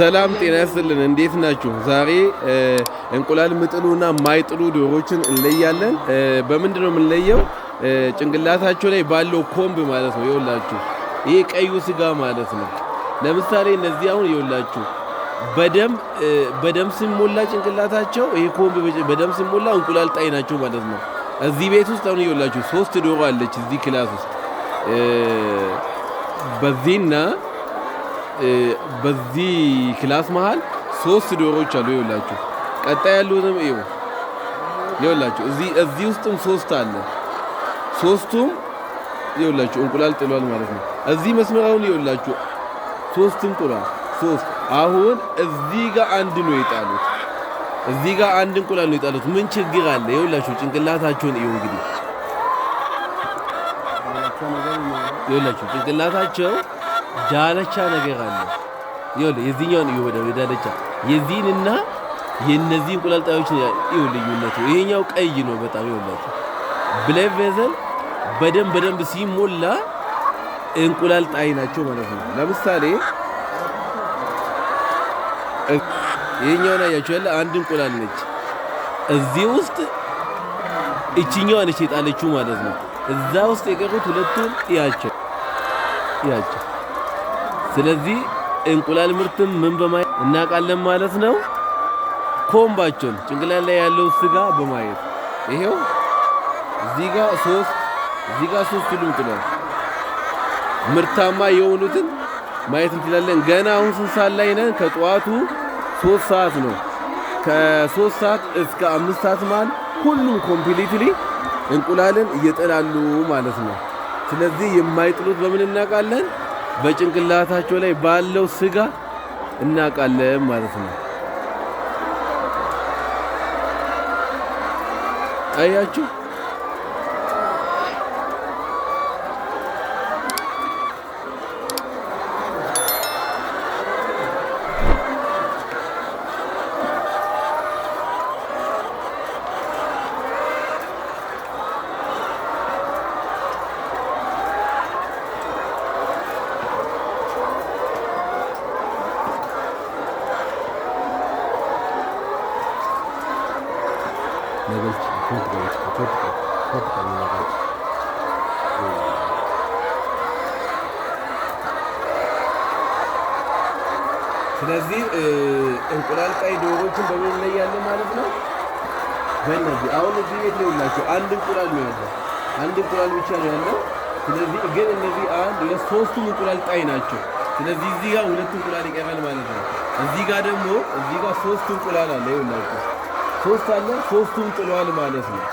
ሰላም ጤና ያስጥልን። እንዴት ናችሁ? ዛሬ እንቁላል ምጥሉና ማይጥሉ ዶሮዎችን እንለያለን። በምንድን ነው የምንለየው? ጭንቅላታቸው ላይ ባለው ኮምብ ማለት ነው። ይኸውላችሁ ይሄ ቀዩ ስጋ ማለት ነው። ለምሳሌ እነዚህ አሁን ይኸውላችሁ በደም በደም ሲሞላ ጭንቅላታቸው ይሄ ኮምብ በደም ሲሞላ እንቁላል ጣይ ናቸው ማለት ነው። እዚህ ቤት ውስጥ አሁን ይኸውላችሁ ሶስት ዶሮ አለች እዚህ ክላስ ውስጥ በዚህና በዚህ ክላስ መሃል ሶስት ዶሮዎች አሉ። ይኸውላችሁ ቀጣይ ያሉትም ይኸው ይኸውላችሁ እዚህ እዚህ ውስጥም ሶስት አለ። ሶስቱም ይኸውላችሁ እንቁላል ጥሏል ማለት ነው። እዚህ መስመር አሁን ይኸውላችሁ ሶስትም ጥሏል። ሶስት አሁን እዚህ ጋር አንድ ነው የጣሉት። እዚህ ጋር አንድ እንቁላል ነው የጣሉት። ምን ችግር አለ? ይኸውላችሁ ጭንቅላታቸውን እዩ እንግዲህ ይኸውላችሁ ጭንቅላታቸው ዳለቻ ነገር አለ። ይኸውልህ የዚህኛውን እዩ በደምብ ጃለቻ የዚህንና የእነዚህ እንቁላል ጣዮች ነው ልዩነቱ። ይሄኛው ቀይ ነው በጣም ይኸውላችሁ፣ ብሌድ ቬዘል በደንብ በደንብ ሲሞላ እንቁላል ጣይ ናቸው ማለት ነው። ለምሳሌ ይሄኛውን አያችሁ ያለ አንድ እንቁላል ነች። እዚህ ውስጥ እችኛዋ ነች የጣለችው ማለት ነው። እዛ ውስጥ የቀሩት ሁለቱን እያቸው እያቸው ስለዚህ እንቁላል ምርትም ምን በማየት እናውቃለን ማለት ነው። ኮምባቾን ጭንቅላት ላይ ያለው ስጋ በማየት ይሄው እዚህ ጋር ሶስት እዚህ ጋር ሶስት ሁሉም ምርታማ የሆኑትን ማየት እንችላለን። ገና አሁን ስንት ሰዓት ላይ ነን? ከጠዋቱ ሶስት ሰዓት ነው። ከሶስት ሰዓት እስከ አምስት ሰዓት መሃል ሁሉም ኮምፕሊትሊ እንቁላልን እየጠላሉ ማለት ነው። ስለዚህ የማይጥሉት በምን እናውቃለን? በጭንቅላታቸው ላይ ባለው ስጋ እናውቃለን ማለት ነው። አያችሁ። Krótko jest, krótko, krótko mi nawet. ስለዚህ እንቁላል ቀይ ዶሮዎችን በምን እንለያለን ማለት ነው። በእነዚህ አሁን እዚህ ቤት ይኸውላችሁ አንድ እንቁላል ነው ያለው፣ አንድ እንቁላል ብቻ ነው ያለው። ስለዚህ ግን እነዚህ አንድ ሶስቱም እንቁላል ቀይ ናቸው። ስለዚህ እዚህ ጋር ሁለት እንቁላል ይቀራል ማለት ነው። እዚህ ጋር ደግሞ እዚህ ጋር ሶስት እንቁላል አለ ይኸውላችሁ ሶስት አለ ሶስቱን ጥሏል ማለት ነው።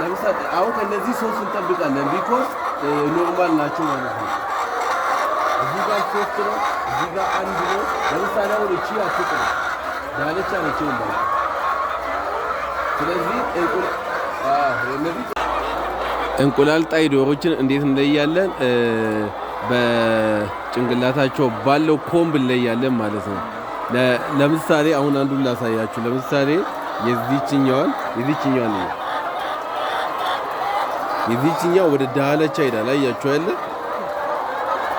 ለምሳሌ አሁን ከነዚህ ሶስት እንጠብቃለን ቢኮዝ ኖርማል ናቸው ማለት ነው። እዚህ ጋር ሶስት ነው፣ እዚህ ጋር አንድ ነው። ለምሳሌ አሁን እቺ አትጥል ዳለቻ ነች ማለት ስለዚህ እንቁላል ጣይ ዶሮችን እንዴት እንለያለን? በጭንቅላታቸው ባለው ኮምብ እንለያለን ማለት ነው። ለምሳሌ አሁን አንዱ ላሳያችሁ። ለምሳሌ የዚችኛዋን የዚችኛዋን የዚችኛው ወደ ዳለቻ ሄዳል። አያችሁ አይደለ?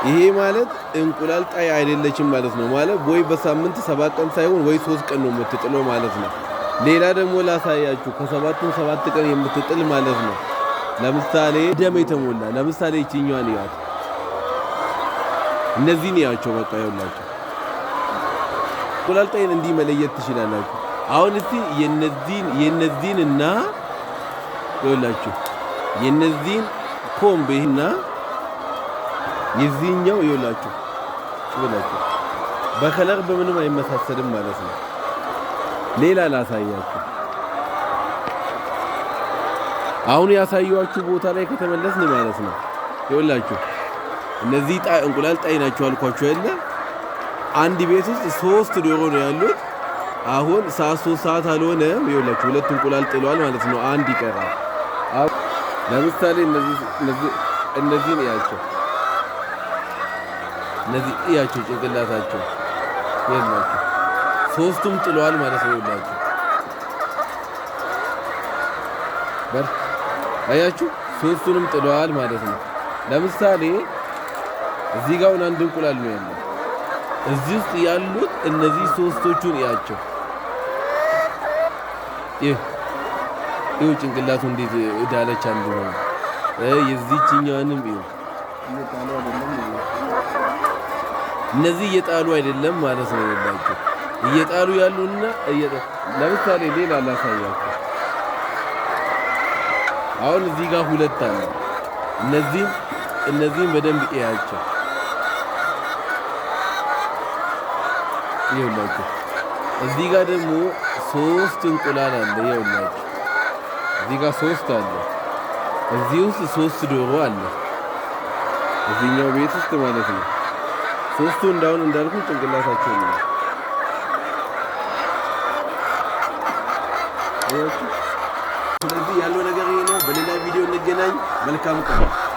ይሄ ማለት እንቁላል ጣይ አይደለችም ማለት ነው። ማለት ወይ በሳምንት ሰባት ቀን ሳይሆን ወይ ሶስት ቀን ነው የምትጥለው ማለት ነው። ሌላ ደግሞ ላሳያችሁ። ከሰባቱን ሰባት ቀን የምትጥል ማለት ነው። ለምሳሌ ደም የተሞላ ለምሳሌ ይችኛዋን ያት እነዚህን ያቸው በቃ ይውላችሁ እንቁላልጣይን እንዲህ መለየት ትችላላችሁ። አሁን እስቲ የነዚህን የነዚህን እና ይኸውላችሁ የነዚህን ኮምብ ይህና የዚህኛው ይወላችሁ ይወላችሁ በከለር በምንም አይመሳሰልም ማለት ነው። ሌላ ላሳያችሁ። አሁን ያሳየኋችሁ ቦታ ላይ ከተመለስን ማለት ነው ይወላችሁ እነዚህ እንቁላል ጣይ ናቸው አልኳችሁ አይደል? አንድ ቤት ውስጥ ሶስት ዶሮ ነው ያሉት። አሁን ሰዓት ሶስት ሰዓት አልሆነ ይኸውላችሁ ሁለት እንቁላል ጥሏል ማለት ነው። አንድ ይቀራል። ለምሳሌ እነዚህን እያቸው፣ እነዚህ እያቸው፣ ጭንቅላታቸው ይላቸው ሶስቱም ጥሏል ማለት ነው። ይላቸው በር አያችሁ፣ ሶስቱንም ጥሏል ማለት ነው። ለምሳሌ እዚህ ጋውን አንድ እንቁላል ነው ያለው እዚህ ውስጥ ያሉት እነዚህ ሶስቶቹን ያቸው። ይኸው ጭንቅላቱ እንዴት እዳለች አንዱ ነው። የዚህችኛዋንም ይኸው እነዚህ እየጣሉ አይደለም ማለት ነው። የላቸው እየጣሉ ያሉና ለምሳሌ ሌላ ላሳያቸው። አሁን እዚህ ጋር ሁለት አለ። እነዚህም እነዚህም በደንብ እያቸው ይኸውላችሁ እዚህ ጋር ደግሞ ሶስት እንቁላል አለ። ይኸውላችሁ እዚህ ጋር ሶስት አለ። እዚህ ውስጥ ሶስት ዶሮ አለ። እዚህኛው ቤት ውስጥ ማለት ነው። ሶስቱ እንዳሁን እንዳልኩ ጭንቅላታቸው ነው። ስለዚህ ያለው ነገር ይሄ ነው። በሌላ ቪዲዮ እንገናኝ። መልካም ቀን